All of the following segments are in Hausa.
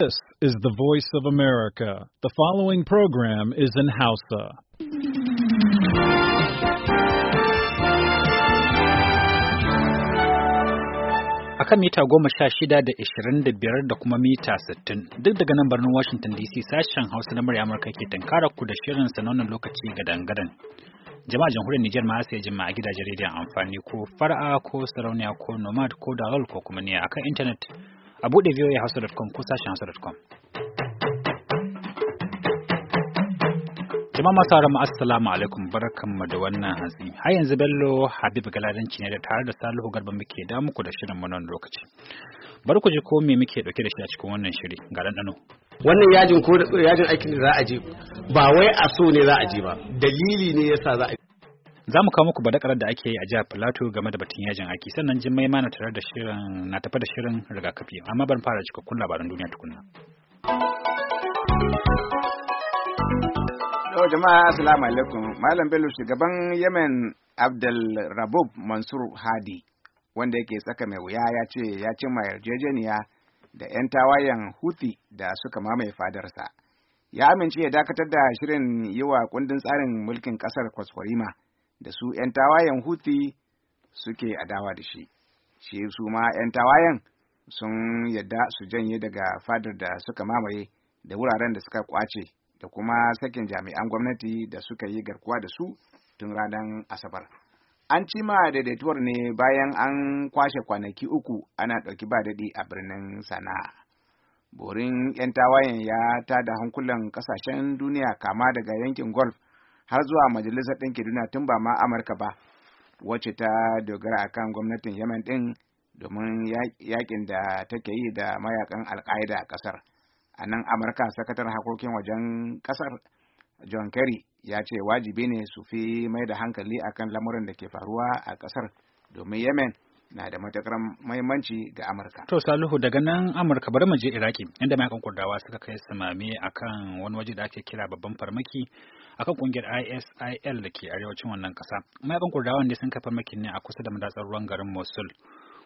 This is the voice of America. The following program is in Hausa. A kan mita goma sha shida da ishirin da biyar da kuma mita sittin duk daga nan birnin Washington DC sashen Hausa na murya Amurka ke tunkara ku da shirin sanonin lokaci ga dangaren Jama'a jamhuriyar Nijar ma sai jima a gidajen rediyon amfani ko fara'a ko sarauniya ko nomad ko dalol ko kuma ne akan intanet a buɗe voahausa.com ko sashen hausa.com. Jama'a masu haramu assalamu alaikum barakan da wannan hatsi. Har yanzu Bello Habib Galadanci ne da tare da Salihu Garba muke da muku da shirin wannan lokaci. Bar ku ji ko me muke dauke da shi a cikin wannan shiri ga ɗanɗano. Wannan yajin ko yajin aikin da za a je ba wai a so ne za a je ba dalili ne yasa za a je. za mu kawo muku badakarar da ake yi a jihar Plateau game da batun yajin aiki sannan jimmai ma na tare da shirin na tafi da shirin rigakafi amma ban fara cikakkun labaran duniya tukunna. Yau jama'a assalamu alaikum Malam Bello shugaban Yemen Abdul Rabub Mansur Hadi wanda yake tsaka mai wuya ya ce ya cimma yarjejeniya da 'yan tawayen Houthi da suka mamaye fadarsa. Ya amince ya dakatar da shirin yi wa kundin tsarin mulkin kasar kwaskwarima. da su ‘yan tawayen Houthi suke adawa da shi, shi su ma ‘yan tawayen sun yadda su janye daga fadar da suka mamaye da wuraren da suka kwace da kuma sakin jami'an gwamnati da suka yi garkuwa da su tun ranar Asabar. An ci ma daidaituwar ne bayan an kwashe kwanaki uku ana ɗauki ba daɗi a birnin Sana'a. Borin ‘yan tawayen ya tada hankulan ƙasashen duniya kama daga yankin Golf. har zuwa majalisar ɗinki duniya tun ba ma amurka ba wacce ta dogara akan gwamnatin yemen ɗin domin yakin da take yi da mayakan alƙa'ida a ƙasar a nan amurka sakatar hakokin wajen ƙasar john kerry ya ce wajibi ne su fi mai da hankali akan lamurin da ke faruwa a ƙasar domin yemen na da matakar mahimmanci ga Amurka. To Salihu daga nan Amurka bari mu je Iraki inda mayakan Kurdawa suka kai samami akan wani waje da ake kira babban farmaki akan kungiyar ISIL da ke arewacin wannan kasa. Mayakan Kurdawa ne sun kai farmakin ne a kusa da madatsar ruwan garin Mosul.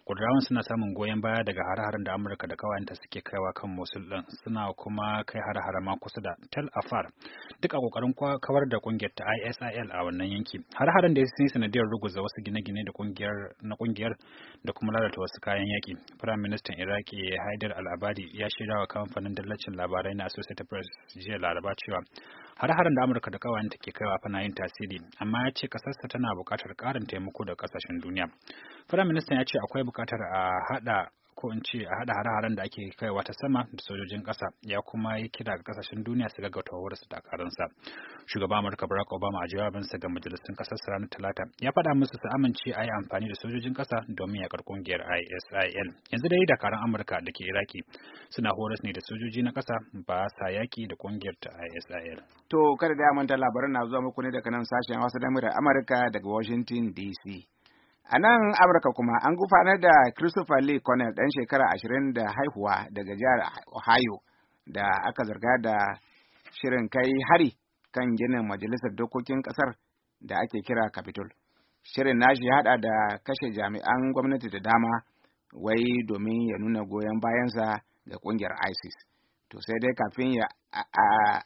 Kudurawan suna samun goyon baya daga hare-haren da Amurka da kawayenta suke kaiwa kan Mosul din, suna kuma kai hare-hare ma kusa da Tel Afar. Duk a kokarin kawar da kungiyar ta ISIL a wannan yanki. Hare-haren da sun yi sanadiyar ruguza wasu gine-gine da kungiyar na kungiyar da kuma lalata wasu kayan yaki. Prime Minister Iraki Haidar Al-Abadi ya shirya wa kamfanin dallacin labarai na Associated Press jiya Laraba cewa Har-haren da Amurka da kawai ke kaiwa fana yin tasiri, amma ya ce kasarsa tana buƙatar ƙarin taimako da ƙasashen duniya. Firaministan ya ce akwai buƙatar a haɗa ko in ce a haɗa hare-haren da ake kaiwa ta sama da sojojin ƙasa ya kuma yi kira ga ƙasashen duniya su gaggauta wawar su karansa shugaban amurka barack obama a jawabinsa ga majalisun ƙasar ranar talata ya faɗa musu su amince a yi amfani da sojojin ƙasa domin ya yakar ƙungiyar isil yanzu dai dakaran amurka da ke iraki suna horas ne da sojoji na ƙasa ba sa yaƙi da ƙungiyar ta isil to kada da manta labaran na zuwa muku ne daga nan sashen hausa da amurka daga washington dc A nan Amurka kuma an gufanar da Christopher Lee Connell ɗan shekara ashirin da haihuwa daga jihar Ohio da aka zarga da shirin kai hari kan ginin majalisar dokokin ƙasar da ake kira Capitol. Shirin nashi ya haɗa da kashe jami'an gwamnati da dama wai domin ya nuna goyon bayansa ga ƙungiyar ISIS. To sai dai kafin ya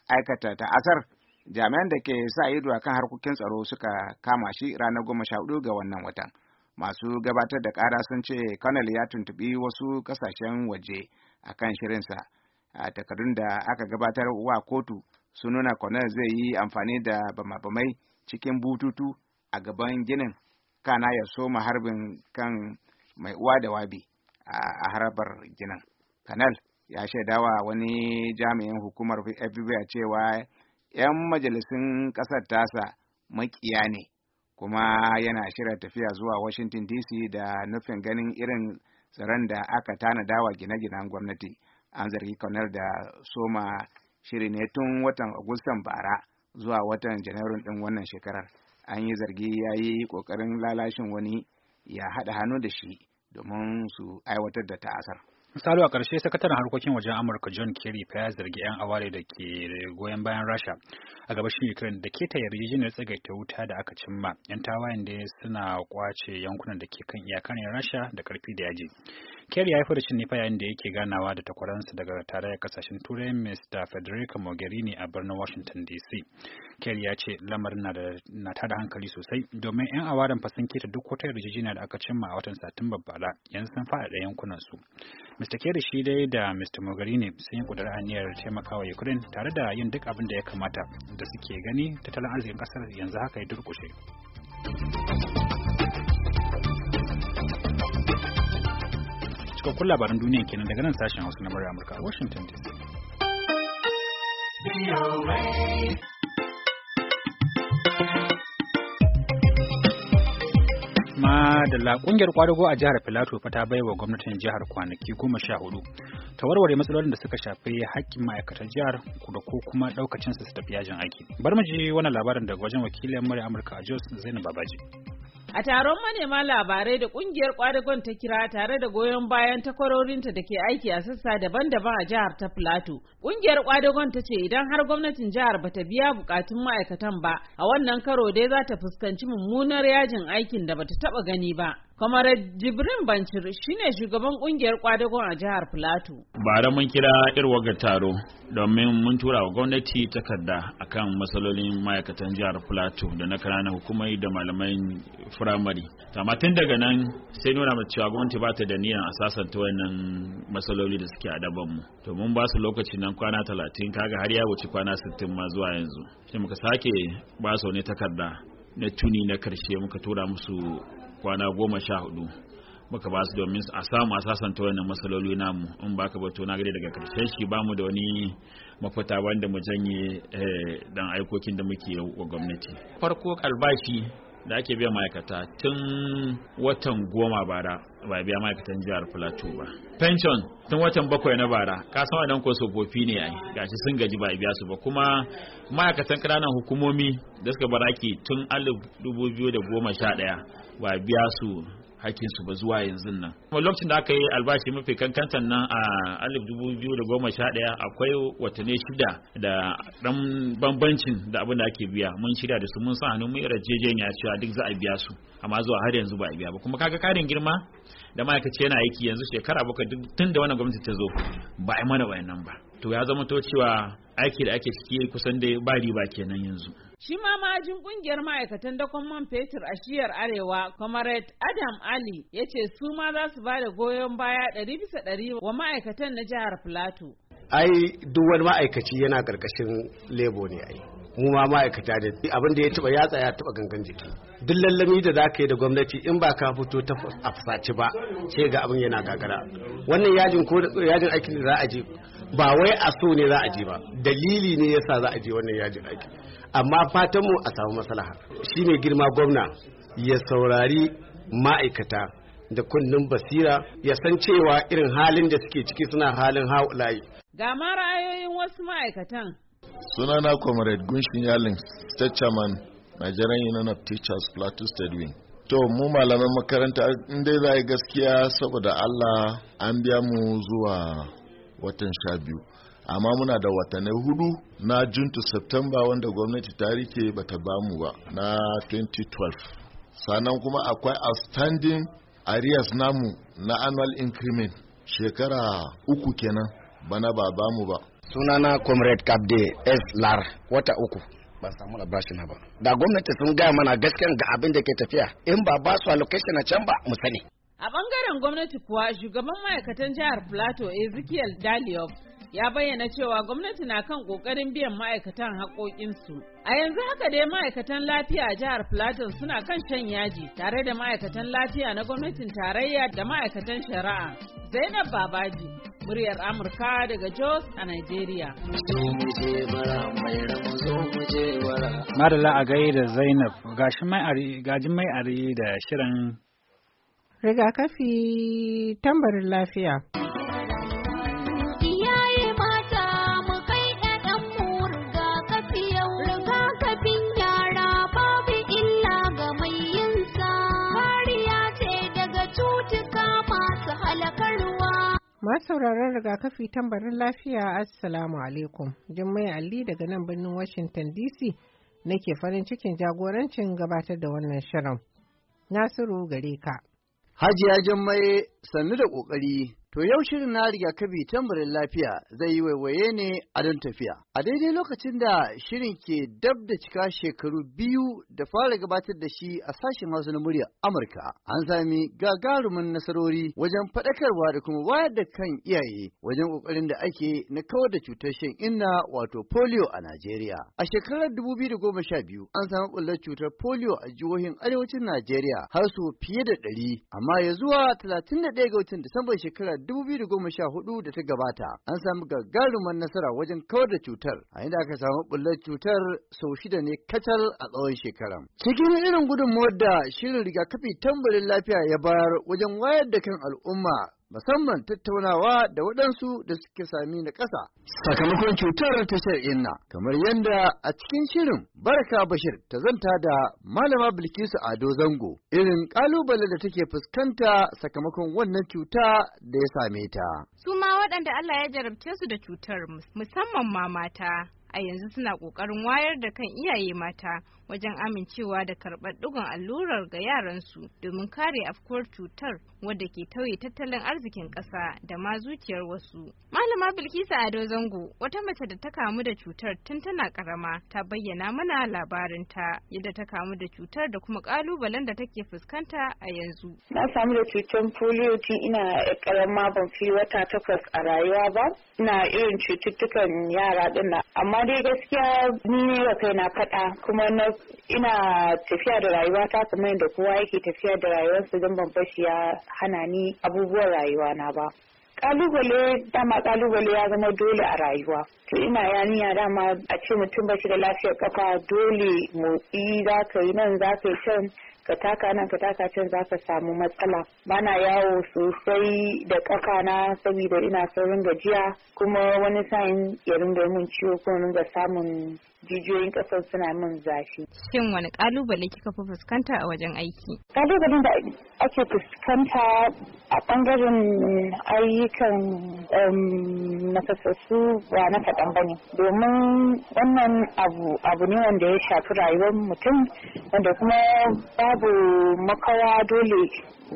aikata ta'asar jami'an da ke sa ido a kan harkokin tsaro suka kama shi ranar goma sha hudu ga wannan watan. masu gabatar da ƙara sun ce kanal ya tuntubi wasu ƙasashen waje a kan shirinsa a takardun da aka gabatar wa kotu su nuna kanal zai yi amfani da bamabamai cikin bututu a gaban ginin kana ya soma harbin kan mai uwa da wabi a harabar ginin kanal ya shaidawa wani jami'in hukumar fbi cewa 'yan majalisun ƙasar tasa makiya ne kuma yana shirya tafiya zuwa Washington DC da nufin ganin irin tsaron da aka tanada wa gine-ginen gwamnati. An zargi kanar da soma shiri ne tun watan Agustan bara zuwa watan Janairun ɗin wannan shekarar. An yi zargi ya yi ƙoƙarin lalashin wani ya haɗa hannu da shi domin su aiwatar da ta'asar. Misali a ƙarshe sakataren harkokin wajen Amurka John Kerry fa ya zargi 'yan aware da ke goyon bayan Rasha a gabashin Ukraine da ke keta yarjejeniyar tsagaita wuta da aka cimma 'yan tawayen da suna kwace yankunan da ke kan iyakar Rasha da karfi da yaji. Kerry ya yi furucin ne yayin da yake ganawa da takwaransa daga tarayyar kasashen Turai Mr. Federica Mogherini a birnin Washington DC. Kerry ya ce lamarin na, na tada hankali sosai domin 'yan awaran fasin keta duk wata yarjejeniya da aka cimma a watan Satumba bara yanzu sun faɗaɗa yankunan su. Mr. Kerry shi dai da Mr. Mogherini sun yi kudar aniyar taimakawa Ukraine tare da yin duk abin da ya kamata da suke gani tattalin arzikin kasar yanzu haka ya durƙushe. cikakkun labaran duniya kenan daga nan sashen Hausa na murya Amurka Washington DC. Madalla kungiyar kwadago a jihar Filato fa ta baiwa gwamnatin jihar kwanaki goma sha hudu ta warware matsalolin da suka shafi haƙƙin ma'aikatan jihar da ko kuma ɗaukacin su tafi yajin aiki. Bar mu ji wannan labarin daga wajen wakilin murya Amurka a Jos Zainab Babaji. A taron manema labarai da kungiyar kwadagon ta kira tare da goyon bayan takwarorinta da ke aiki a sassa daban-daban a jihar ta Filato. Kungiyar kwadagon ta ce idan har gwamnatin jihar ba ta biya bukatun ma'aikatan ba, a wannan karo dai za ta fuskanci mummunar yajin aikin da ba ta taba gani ba. kamar jibrin bancir shine shugaban kungiyar kwadagon a jihar plateau bara mun kira irwaga taro domin mun tura wa gwamnati takarda akan matsalolin ma'aikatan jihar plateau da na kananan hukumai da malaman firamare tamatin daga nan sai nuna mu cewa gwamnati ba ta da niyan a sasanta wannan matsaloli da suke adaban mu to mun ba su lokaci nan kwana talatin kaga har ya wuce kwana sittin ma zuwa yanzu sai muka sake ba su wani takarda na tuni na karshe muka tura musu kwana goma sha hudu muka ba su domin a samu a sasanta wannan matsaloli namu in ba ka ba to na gari daga karshen shi ba mu da wani mafita wanda mu janye eh, dan aikokin da muke wa gwamnati farko albashi da ake biya ma'aikata tun watan goma bara ba biya ma'aikatan jihar plateau ba pension tun watan bakwai na bara san wadannan ko sofofi ne ai gashi sun gaji ba biya su ba kuma ma'aikatan ƙananan hukumomi da suka baraki tun alif dubu da goma sha ɗaya Wa biya su hakin su ba zuwa yanzu nan kuma lokacin da aka yi albashi mafi kankantan nan a alif dubu biyu da sha ɗaya akwai watanni shida da ɗan bambancin da abin da ake biya mun shirya da su mun san hannu mun yarjejeniya cewa duk za a biya su amma zuwa har yanzu ba a biya ba kuma kaga karin girma da ma'aikaci yana aiki yanzu shekara bakwai duk tun da wannan gwamnati ta zo ba a yi mana wayannan ba to ya zama to cewa aiki da ake ciki kusan da ba riba kenan yanzu. Shi ma ma'ajin kungiyar ma'aikatan dakon man fetur a shiyar Arewa, Comrade Adam Ali ya ce su ma za su ba da goyon baya ɗari bisa ɗari wa ma'aikatan na jihar Filato. Ai duk wani ma'aikaci yana ƙarƙashin lebo ne ai. Mu ma ma'aikata da abin da ya taɓa yatsa ya taɓa gangan jiki. Duk lallami da za ka yi da gwamnati in ba ka fito ta a ba sai ga abin yana gagara. Wannan yajin aikin da za a je ba wai a so ne za a je ba dalili ne yasa za a je wannan yajin aiki amma fatan mu a samu maslaha shi mai girma gwamna ya saurari ma'aikata da kunnen basira ya san cewa irin halin da suke ciki suna halin haulayi ga ma ra'ayoyin wasu ma'aikatan sunana comrade gunshin yalin state chairman nigerian union of teachers plateau state wing to mu malaman makaranta in dai za gaskiya saboda allah an biya mu zuwa watan sha biyu amma muna da watanni hudu na juntu september wanda gwamnati ta rike bata bamu ba na 2012 sannan kuma akwai outstanding arias namu na annual increment shekara uku kenan bana ba bamu ba sunana comrade kabde s lar wata uku ba samu labarashin ba da gwamnati sun gaya mana gaskiyan ga abin da ke tafiya in ba ba su allocation a can ba mu sani A bangaren gwamnati kuwa shugaban ma'aikatan jihar Plateau Ezekiel Daliop ya bayyana cewa gwamnati na kan kokarin biyan ma'aikatan haƙoƙinsu. A yanzu haka dai ma'aikatan lafiya a jihar Plateau suna kan shan yaji tare da ma'aikatan lafiya na gwamnatin tarayya da ma'aikatan shari'a. Zainab Babaji, muryar Amurka daga Jos a Nigeria. Madala a gaida Zainab, gashi mai da shirin rigakafi tambarin lafiya. Iyaye mata mu rigakafi yau rigakafin babu illa ga yinsa. ce daga halakarwa. Masu sauraron rigakafi tambarin lafiya Assalamu alaikum. Jummai Ali daga nan birnin Washington DC nake farin cikin jagorancin gabatar da wannan shirin. Nasiru gare ka. Hajiya Jummai sannu da ƙoƙari To yau shirin na riga kabi tambarin lafiya zai yi waiwaye ne a don tafiya. A daidai lokacin da shirin ke dab da cika shekaru biyu da fara gabatar da shi a sashen Hausa na murya Amurka, an sami gagarumin nasarori wajen faɗakarwa da kuma wayar da kan iyaye wajen ƙoƙarin da ake na kawar da cutar shan inna wato polio a Najeriya. A shekarar biyu, an sami ɓullar cutar polio a jihohin arewacin Najeriya har su fiye da ɗari, amma ya zuwa ɗaya ga watan Disambar shekarar 2014 da ta gabata an samu gagarumar nasara wajen kawar da cutar a inda aka samu bullar cutar sau shida ne kacal a tsawon shekaran. Cikin irin gudunmuwar da shirin rigakafi tambarin lafiya ya bayar wajen wayar da kan al'umma musamman tattaunawa da waɗansu da suke sami na ƙasa sakamakon cutar ta inna kamar yadda a cikin shirin Baraka bashir ta zanta da malama bilkisu ado zango irin ƙalubale da take fuskanta sakamakon wannan cuta da ya same ta su ma waɗanda allah ya jarabce su da cutar musamman ma mata a yanzu suna ƙoƙarin wayar da kan iyaye mata wajen amincewa da karɓar ɗigon allurar ga yaransu domin kare afkuwar cutar wadda ke tauye tattalin arzikin ƙasa da ma zuciyar wasu. Malama Bilkisu Ado Zango wata mace da ta kamu da cutar tun tana ƙarama ta bayyana mana labarinta yadda ta kamu da cutar da kuma ƙalubalen da take fuskanta a yanzu. Na samu da cutar polio tun ina ƙarama ban fi wata takwas a rayuwa ba. Ina irin cututtukan yara ɗin amma dai gaskiya ni ne wa kaina faɗa kuma na ina tafiya da rayuwa ta kamar da kowa yake tafiya da su don ban fashi ya hana ni abubuwan rayuwa na ba kalubale dama kalubale ya zama dole a rayuwa to ina yaniya dama a ce mutum ba shi da lafiyar kafa dole motsi za ka yi nan za ka yi can ka taka nan ka taka can za ka samu matsala bana yawo sosai da kafa na saboda ina saurin gajiya kuma wani sa'in ya ringa mun ciwo ko ringa samun jijiyoyin kasar suna min zafi. Shin wani kalubale kika fi fuskanta a wajen aiki? Kalubalen da ake fuskanta a bangaren ayyukan nakasassu ba na kaɗan ba Domin wannan abu abu ne wanda ya shafi rayuwar mutum wanda kuma babu makawa dole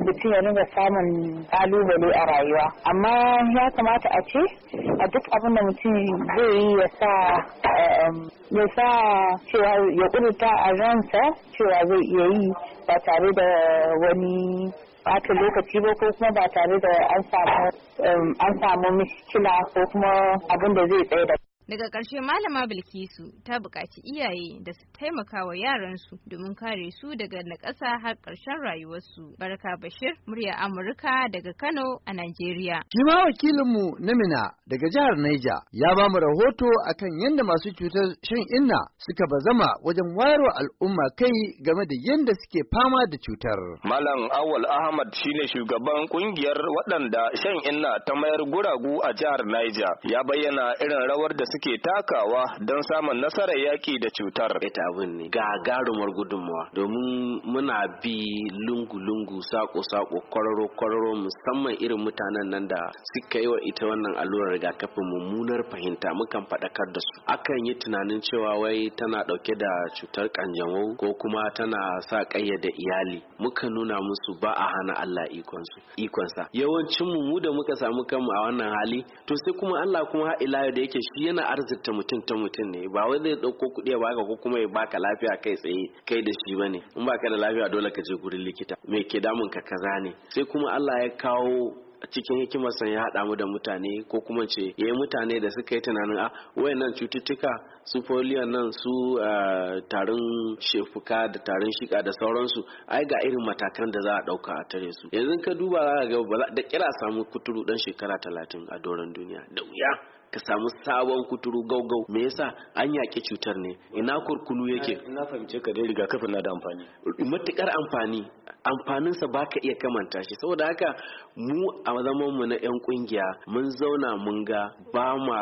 mutum ya nuna samun kalubale a rayuwa. Amma ya kamata a ce a duk abin da mutum zai yi ya sa ya sa cewa ya ƙudurta a ransa cewa zai iya yi ba tare da wani ɓata lokaci ba ko kuma ba tare da an samu um, miskila ko kuma abin da zai tsaye da Daga ƙarshe Malama Bilkisu ta buƙaci iyaye da su taimaka wa yaransu domin kare su daga naƙasa har ƙarshen rayuwarsu. Barka Bashir, murya Amurka daga Kano a Najeriya. Shi ma wakilinmu na Mina daga jihar Naija ya ba mu rahoto akan yadda masu cutar shan inna suka bazama wajen wayarwa al'umma kai game da yadda suke fama da cutar. Malam Awal Ahmad shine shugaban ƙungiyar waɗanda shan inna ta mayar guragu a jihar Naija ya bayyana irin rawar da suke takawa don samun nasarar yaki da cutar. Ita abin ne gagarumar gudunmawa domin muna bi lungu-lungu sako-sako kwararo-kwararo musamman irin mutanen nan da suka yi wa ita wannan allurar rigakafin mummunar fahimta mukan faɗakar da su. Akan yi tunanin cewa wai tana ɗauke da cutar kanjamau ko kuma tana sa ƙayyade iyali. Muka nuna musu ba a hana Allah ikonsu ikonsa. Yawancin mu da muka samu kanmu a wannan hali to sai kuma Allah kuma ila da yake shi yana yana arzikta mutum ta mutum ne ba wai zai dauko kuɗi ya baka ko kuma ya baka lafiya kai tsaye kai da shi bane in baka da lafiya dole ka je gurin likita me ke damun ka kaza ne sai kuma Allah ya kawo cikin hikimar san ya haɗa mu da mutane ko kuma ce ya yi mutane da suka yi tunanin a ah, wayannan cututtuka su polio nan su ah, tarin shefuka da tarin shika da sauransu ai ga irin matakan da za a ɗauka a tare su yanzu ka duba za ga da kira samu kuturu dan shekara talatin a doron duniya da wuya ka samu sabon kuturu gaugau me yasa an yaƙi cutar ne ina kurkulu yake ina eh, fahimce ka dai rigakafin na da amfani matukar amfani amfaninsa ba ka iya kamanta shi saboda haka mu a zaman mu na yan kungiya mun zauna mun ga ba ma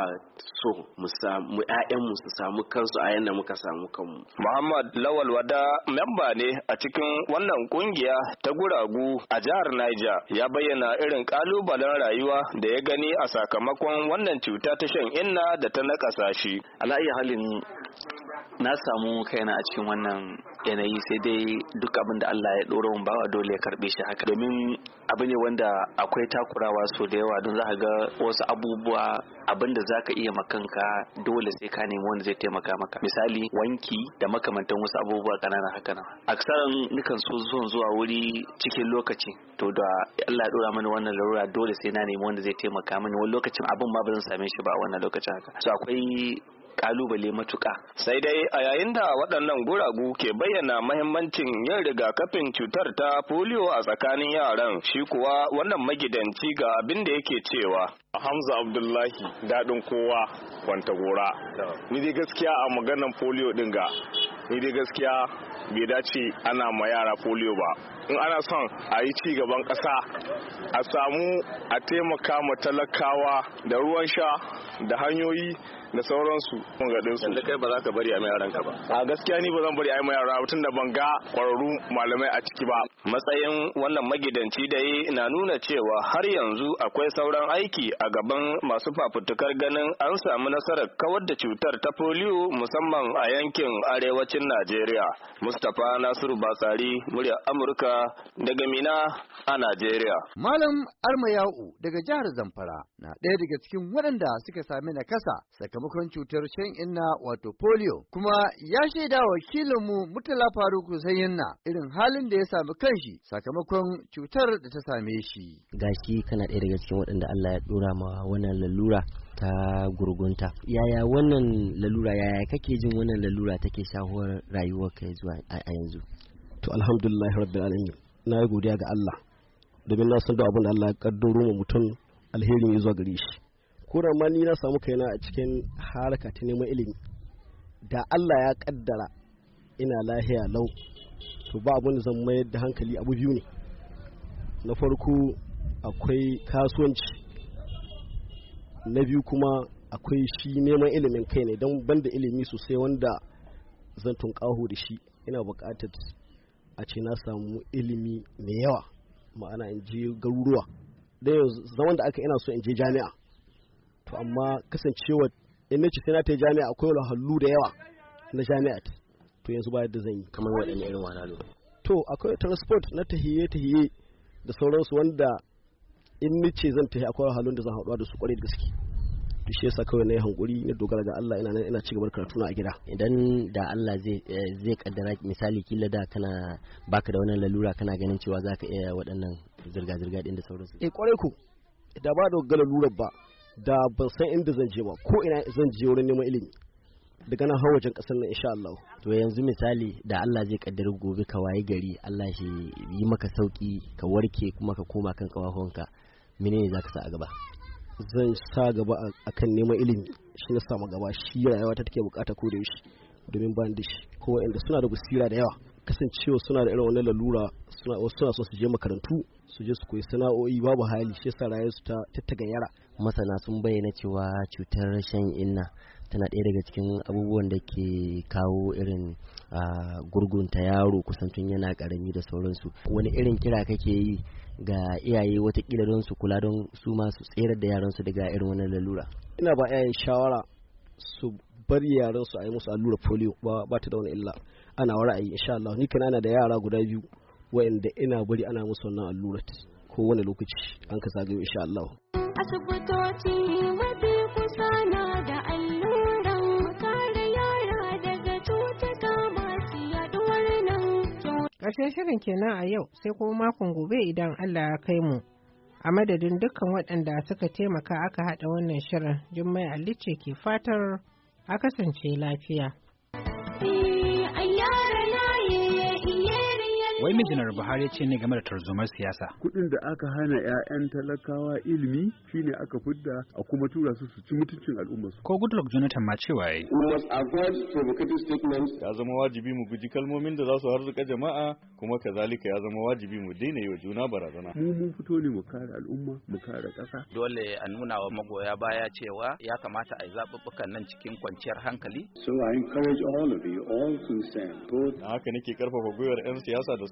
so mu samu mu su samu kansu a yanda muka samu kanmu Muhammad Lawal Wada memba ne a cikin wannan kungiya ta guragu a jihar Niger ya bayyana irin kalubalen rayuwa da ya gani a sakamakon wannan cuta ta shan inna da ta nakasa shi ala iya halin na samu kaina a cikin wannan yanayi sai dai duk abin da Allah ya ɗora mun wa dole ya karbe shi haka domin abu ne wanda akwai takurawa so da yawa don za ga wasu abubuwa abin da za ka iya makanka dole sai ka nemi wanda zai taimaka maka misali wanki da makamantan wasu abubuwa kanana haka nan aksaran nukan so zuwan zuwa wuri cikin lokaci to da Allah ya ɗora mana wannan larura dole sai na nemi wanda zai taimaka mani wani lokacin abin ma ba zan same shi ba a wannan lokacin haka so akwai kalubale matuka sai dai a yayin da waɗannan guragu ke bayyana mahimmancin yin rigakafin cutar ta polio a tsakanin yaran shi kuwa wannan magidanci ga abin da yake cewa Hamza Abdullahi daɗin kowa kwanta gora. Ni dai gaskiya a maganan polio ɗin ga, ni dai gaskiya bai dace ana ma yara polio ba in ana son a yi ci gaban ƙasa a samu a taimaka ma talakawa da ruwan sha da hanyoyi da sauransu ga dinsu kai ba za ka bari a mai ka ba a gaskiya ni ba zan bari a mai yara tun da ban ga kwararru malamai a ciki ba matsayin wannan magidanci da yi na nuna cewa har yanzu akwai sauran aiki a gaban masu fafutukar ganin an samu nasarar kawar da cutar ta polio musamman a yankin arewacin Najeriya Mustapha Nasiru Batsari muryar Amurka daga Mina a Najeriya. Malam Armayau daga jihar Zamfara na ɗaya daga cikin waɗanda suka sami nakasa sakamakon cutar shan inna wato polio kuma ya shaida wakilinmu Murtala Faruku na irin halin da ya sami kanshi sakamakon cutar da ta same shi. Gashi kana ɗaya daga cikin waɗanda Allah ya ɗora ma wannan lalura ta gurgunta yaya wannan lalura yaya kake jin wannan lalura take shahuwar ka zuwa a yanzu to alhamdulillah rabbil alamin na yi godiya ga Allah domin na san da abin da Allah ya kaddaro mu mutum alherin ya zuwa gari shi ko ma ni na samu kaina a cikin haraka ta neman ilimi da Allah ya kaddara ina lahiya lau to ba abin da zan mayar da hankali abu biyu ne na farko akwai kasuwanci na biyu kuma akwai shi neman ilimin kai ne don banda ilimi sosai wanda zan tunƙaho da shi ina buƙatar a ce na samu ilimi mai yawa ma'ana in je garuruwa da zaman da aka ina so in je jami'a to amma kasancewa in na ce sai na ta jami'a akwai wahalhalu da yawa na jami'a to yanzu ba yadda zan yi kamar waɗanne irin wahalhalu to akwai transport na tahiye tahiye da sauransu wanda in ni ce zan tafi akwai halin da zan haɗuwa da su kwarai da gaske to shi yasa kawai na yi hankuri na dogara ga Allah ina nan ina ci gaba da karatu na a gida idan da Allah zai eh, zai kaddara misali kila da kana baka da wannan lalura kana ganin cewa zaka iya waɗannan zirga zirga din da sauransu eh kwarai ko da ba da ga lalurar ba da ban san inda zan je ba ko ina zan je wurin neman ilimi daga nan har wajen kasar nan insha Allah to yanzu misali da Allah zai kaddara gobe ka waye gari Allah shi yi maka sauki ka warke kuma ka koma kan kawafonka ne za ka sa a gaba zan sa gaba a kan neman ilimi shi na samu gaba shi rayuwa ta take bukata ko da yaushe domin ban da shi ko inda suna da basira da yawa kasancewa suna da irin wannan lalura suna so su je makarantu su je su koyi sana'o'i babu hali shi yasa rayuwar su ta tattaga yara masana sun bayyana cewa cutar rashin inna tana ɗaya daga cikin abubuwan da ke kawo irin ah, gurgunta yaro kusantun yana ƙarami da sauransu wani irin kira kake yi ga iyaye watakila don su kula don su ma su tserar da yaransu daga irin wannan lalura ina ba 'ya'yan shawara su bari yaran su a yi musu allura polio ba ta da wani illa ana wa ra'ayi insha Allah ni kana da yara guda biyu wa'anda ina bari ana musu wannan allurar ko wani lokaci an ka zagayo insha Allah Ƙarshen shirin kenan a yau sai kuma makon gobe idan Allah ya kai mu. A madadin dukkan waɗanda suka taimaka aka haɗa wannan shirin, Jummai Alice ke fatar a kasance lafiya. Wai mai janar Buhari ce ne game da tarzomar siyasa. Kuɗin da aka hana 'ya'yan talakawa ilimi shine aka fidda a kuma tura su su ci mutuncin al'ummarsu. Ko Goodluck Jonathan ma cewa yayi. We must avoid provocative statements. Ya zama wajibi mu guji kalmomin da za su harzuka jama'a kuma kazalika ya zama wajibi mu daina yi wa juna barazana. Mu mun fito ne mu kare al'umma mu kare ƙasa. Dole a nuna wa magoya baya cewa ya kamata a yi zaɓuɓɓukan nan cikin kwanciyar hankali. So I encourage all of you all to stand. Haka nake karfafa gwiwar 'yan siyasa da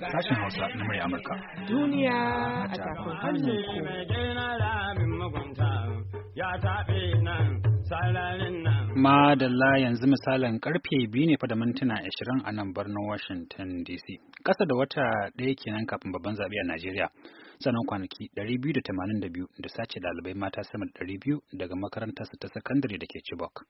sashen Hausa na murya Amurka. Duniya a tafin hannun Madalla yanzu misalin karfe biyu ne fa da mintuna ashirin a nan birnin Washington DC. Kasa da wata ɗaya kenan kafin babban zaɓe a Najeriya. Sannan kwanaki 282 da sace ɗalibai mata sama da 200 daga makarantarsa ta sakandare da ke Chibok.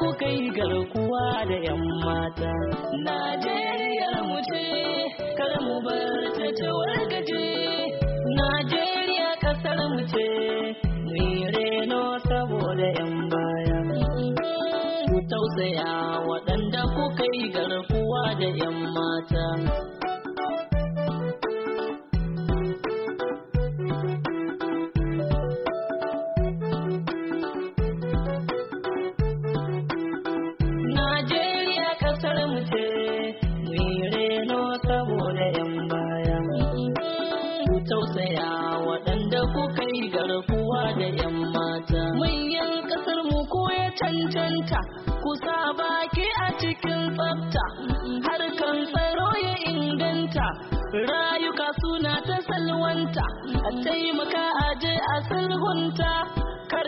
kuka yi garkuwa da 'yan mata. Najeriya mu ce, kar mu bar ta tawargaje. Najeriya kasar mu ce, mu yi reno saboda 'yan baya. Ku tausaya waɗanda kuka yi garkuwa da 'yan mata. Maka aje a sulhunta kar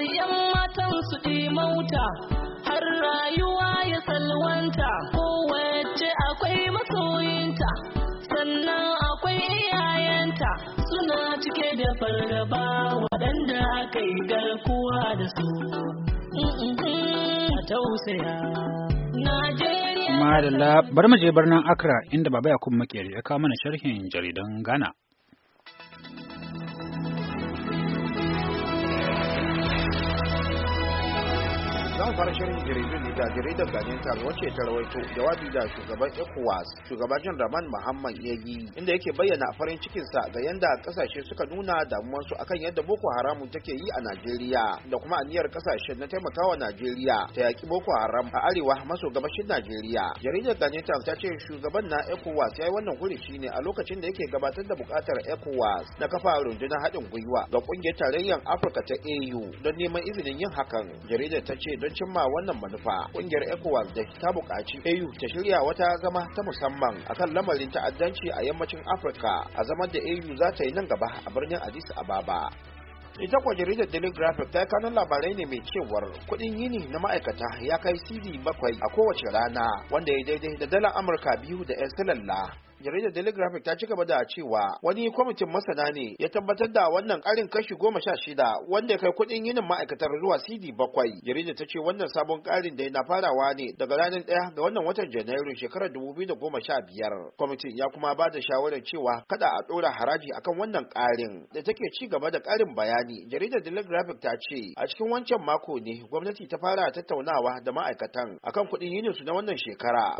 matan su ɗi mauta har rayuwa ya salwanta kowace akwai masoyinta sannan akwai iyayenta suna cike da fargaba waɗanda aka yi garkuwa da su a tausaya Madalla bar mu je birnin Accra inda Baba yakub Makeri ya kawo mana sharhin jaridan Ghana. zan fara shirin jaridu ne da jaridar Guardian wace ta rawaito jawabi da shugaban ECOWAS shugaban Jin Rahman Muhammad ya yi inda yake bayyana farin cikinsa ga yanda kasashe suka nuna damuwarsu akan yadda Boko Haram take yi a Najeriya da kuma aniyar kasashen na taimakawa Najeriya ta yaki Boko Haram a arewa maso gabashin Najeriya. Jaridar Guardian ta ce shugaban na ECOWAS ya yi wannan kurici ne a lokacin da yake gabatar da bukatar ECOWAS na kafa rundunar haɗin gwiwa ga kungiyar tarayyar Afirka ta AU don neman izinin yin hakan. Jaridar ta ce don don cimma wannan manufa kungiyar ecowas da ta buƙaci au ta shirya wata zama ta musamman akan lamarin ta'addanci a yammacin afirka a zaman da au za ta yi nan gaba a birnin addis ababa ita kwa jaridar daily graphic ta kano labarai ne mai cewar kudin yini na ma'aikata ya kai cd bakwai a kowace rana wanda ya daidai da Dalar amurka biyu da yan silalla jaridar daily graphic ta ci gaba da cewa wani kwamitin masana ne ya tabbatar da wannan karin kashi goma sha shida wanda ya kai kuɗin yinin ma'aikatar ruwa cd bakwai jaridar ta ce wannan sabon karin da ya na farawa ne daga ranar ɗaya ga wannan watan janairu shekarar dubu biyu da goma sha biyar kwamitin ya kuma ba da shawarar cewa kada a ɗora haraji akan wannan karin da take ci gaba da karin bayani jaridar daily graphic ta ce a cikin wancan mako ne gwamnati ta fara tattaunawa da ma'aikatan akan kuɗin yinin su na wannan shekara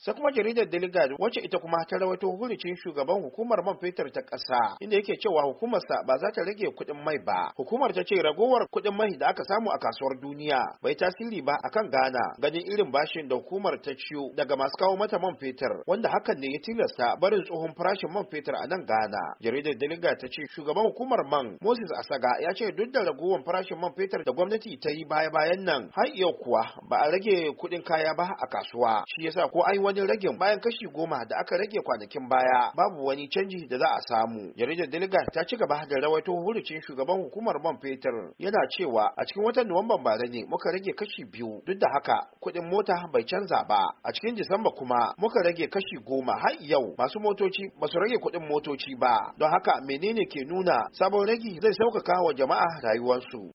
sai kuma jaridar Delegate wacce ita kuma ta rawaito hukuncin shugaban hukumar man fetur ta ƙasa inda yake cewa hukumarsa ba za ta rage kuɗin mai ba hukumar ta ce ragowar kuɗin mai da aka samu a kasuwar duniya bai tasiri ba akan Ghana ganin irin bashin da hukumar ta ciyo daga masu kawo mata man fetur wanda hakan ne ya tilasta barin tsohon farashin man fetur a nan Ghana jaridar Delegate ta ce shugaban hukumar man Moses Asaga ya ce duk da ragowar farashin man fetur da gwamnati ta yi baya-bayan nan har yau kuwa ba a rage kuɗin kaya ba a kasuwa shi yasa ko ai wani ragin bayan kashi goma da aka rage kwanakin baya babu wani canji da za a samu jaridar diliga ta ci gaba da rawaito hurucin shugaban hukumar man fetur yana cewa a cikin watan nuwamban bara ne muka rage kashi biyu duk da haka kuɗin mota bai canza ba a cikin disamba kuma muka rage kashi goma har yau masu motoci ba su rage kuɗin motoci ba don haka menene ke nuna sabon ragi zai sauƙaƙa wa jama'a rayuwarsu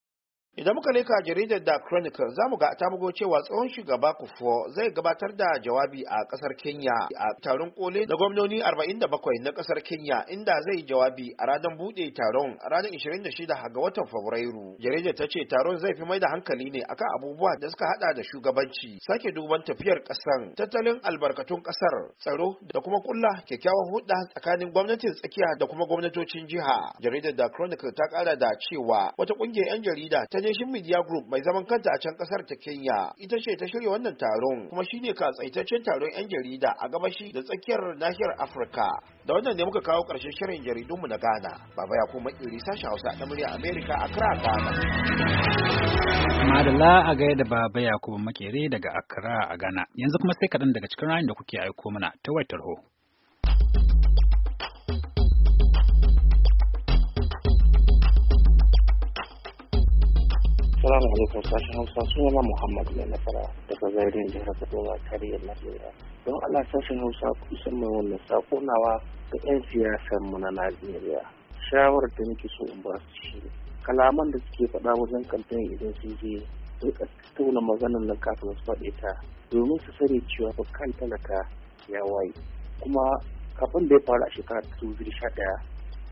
Idan muka leka jaridar da Chronicle za mu ga ta bugo cewa tsohon shugaba kufo zai gabatar da jawabi a kasar Kenya a taron kole na gwamnoni 47 na kasar Kenya inda zai jawabi a ranar bude taron ranar 26 ga watan Fabrairu. Jaridar ta ce taron zai fi mai da hankali ne akan abubuwa da suka hada da shugabanci, sake duban tafiyar kasan, tattalin albarkatun kasar, tsaro da kuma kulla kyakkyawan hudda tsakanin gwamnatin tsakiya da kuma gwamnatocin jiha. Jaridar da Chronicle ta kara da cewa wata kungiyar 'yan jarida ta Organisation Media Group mai zaman kanta a can kasar ta Kenya ita ce ta shirya wannan taron kuma shine ka tsaitaccen taron 'yan jarida a gabashi da tsakiyar nahiyar Afirka. Da wannan ne muka kawo ƙarshen shirin jaridunmu na Ghana. Baba ya kuma iri sashen Hausa na murya Amerika a kira Ghana. Madalla a gaya da Baba Yakubu Makere daga Accra a Ghana. Yanzu kuma sai kaɗan daga cikin rayun da kuke aiko mana ta wayar tarho. Assalamu alaikum sashen Hausa na Muhammad mai nasara daga zairin jihar Kaduna tarayyar Najeriya. Don Allah sashen Hausa kusan mai wannan sako nawa ga 'yan siyasar mu na Najeriya. Shawarar da nake so in ba su shi kalaman da suke faɗa wajen kamfen idan sun je rika tattauna maganar nan kafin su faɗe ta domin su sani cewa ba kan talaka ya waye kuma kafin da ya faru a shekarar 2011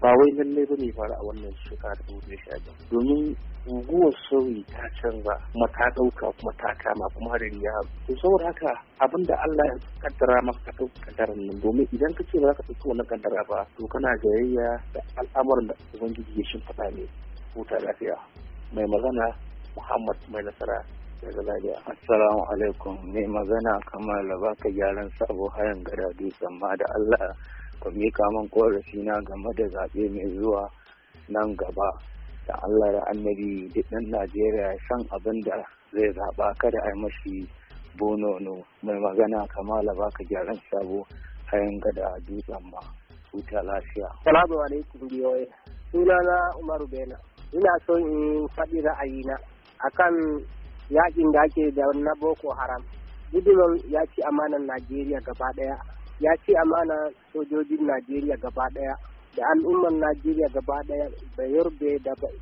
ba wai lallai ba ne faru a wannan shekarar 2011 domin guguwar sauyi ta canza kuma ta ɗauka kuma ta kama kuma hadari ya to saboda haka abin da Allah ya kaddara maka ka ɗauka kaddaran nan domin idan ka ce ba ka ɗauki wannan kaddara ba to kana jayayya da al'amuran da ubangiji ya shimfiɗa ne huta lafiya mai magana Muhammad mai nasara daga Zaria. Assalamu alaikum mai magana kamar labaka gyaran sabo hayan gada dutsen ma da Allah ka miƙa min korafi na game da zaɓe mai zuwa nan gaba. da Allah da annabi duk ɗan Najeriya san abin da zai zaɓa kada a yi mashi bonono mai magana kamala baka gyaran sabo hayan gada dutsen ma huta lafiya. Salamu alaikum biyoyi. Sunana Umaru Bena. Ina so in faɗi ra'ayi na. akan yakin da ake da na Boko Haram. Gudunan ya ci amanan Najeriya gaba ɗaya. Ya ci amanan sojojin Najeriya gaba ɗaya. da al'ummar najeriya gaba ɗaya, da yorbe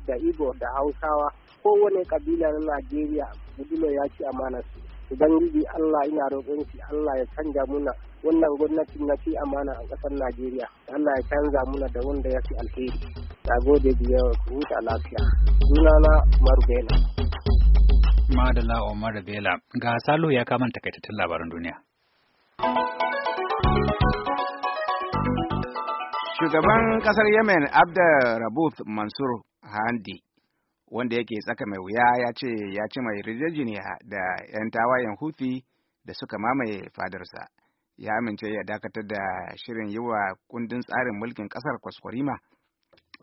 da igbo da hausawa kowane kabila na najeriya gudulo ya ci amana su ubangiji allah ina roƙon shi allah ya canja muna wannan gwamnati na ci amana a ƙasar najeriya allah ya canza muna da wanda ya fi alheri na gode yawa ku huta lafiya sunana umaru bela madala umaru bela ga salo ya kamanta takaitattun labaran duniya Shugaban Kasar Yemen Abdel Mansur Handi wanda yake tsaka mai wuya ya ce ya ci mai rijejiniya da 'yan tawayen hufi da suka mamaye fadarsa ya amince ya dakatar da shirin yi wa kundin tsarin mulkin kasar kwaskwarima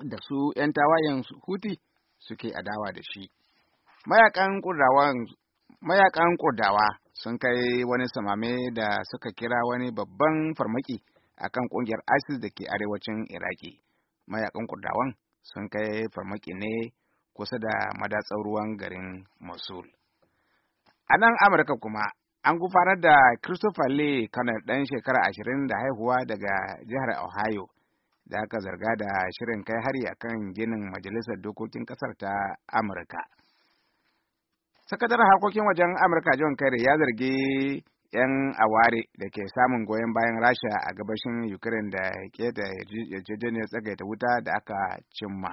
da su 'yan tawayen huti suke adawa da shi mayakan kudawa sun kai wani samame da suka kira wani babban farmaki akan kungiyar ISIS da ke arewacin Iraki. Mayakan Kurdawan sun kai farmaki ne kusa da madatsar ruwan garin Mosul. A nan Amurka kuma an gufanar da Christopher Lee Connell ɗan shekara ashirin da haihuwa daga jihar Ohio da aka zarga da shirin kai hari akan ginin Majalisar Dokokin Ƙasar ta Amurka. Sakataren harkokin wajen Amurka John Kerry ya zargi 'yan aware da ke samun goyon bayan rasha a gabashin ukraine da ke da yarjejeniyar tsagaita wuta da aka cimma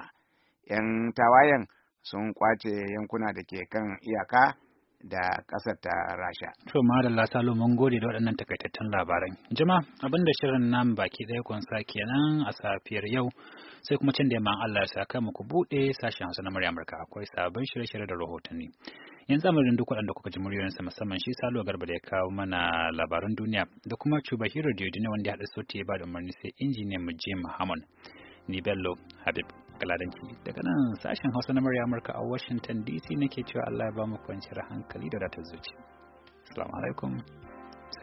'yan tawayen sun kwace yankuna da ke kan iyaka da ƙasar ta rasha. To madalla salo mun gode da waɗannan takaitattun labaran. jima abinda shirin nan baki ɗaya kunsa kenan a safiyar yau sai kuma can da yamma Allah ya ka mu ku buɗe sashen Hausa na murya Amurka akwai sabon shirye-shirye da rahotanni. yan tsamarin duk waɗanda kuka ji muryoyinsa musamman shi Salo Garba da ya kawo mana labarun duniya da kuma Cuba Hero Diodine wanda ya haɗa sauti ya ba da umarni sai injiniyan mu Jim hamon Ni Bello Habib Galadanci daga nan sashen Hausa na murya Amurka a Washington DC nake cewa Allah ya ba mu kwanciyar hankali da ratar zuci. Assalamu alaikum.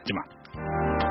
Jima.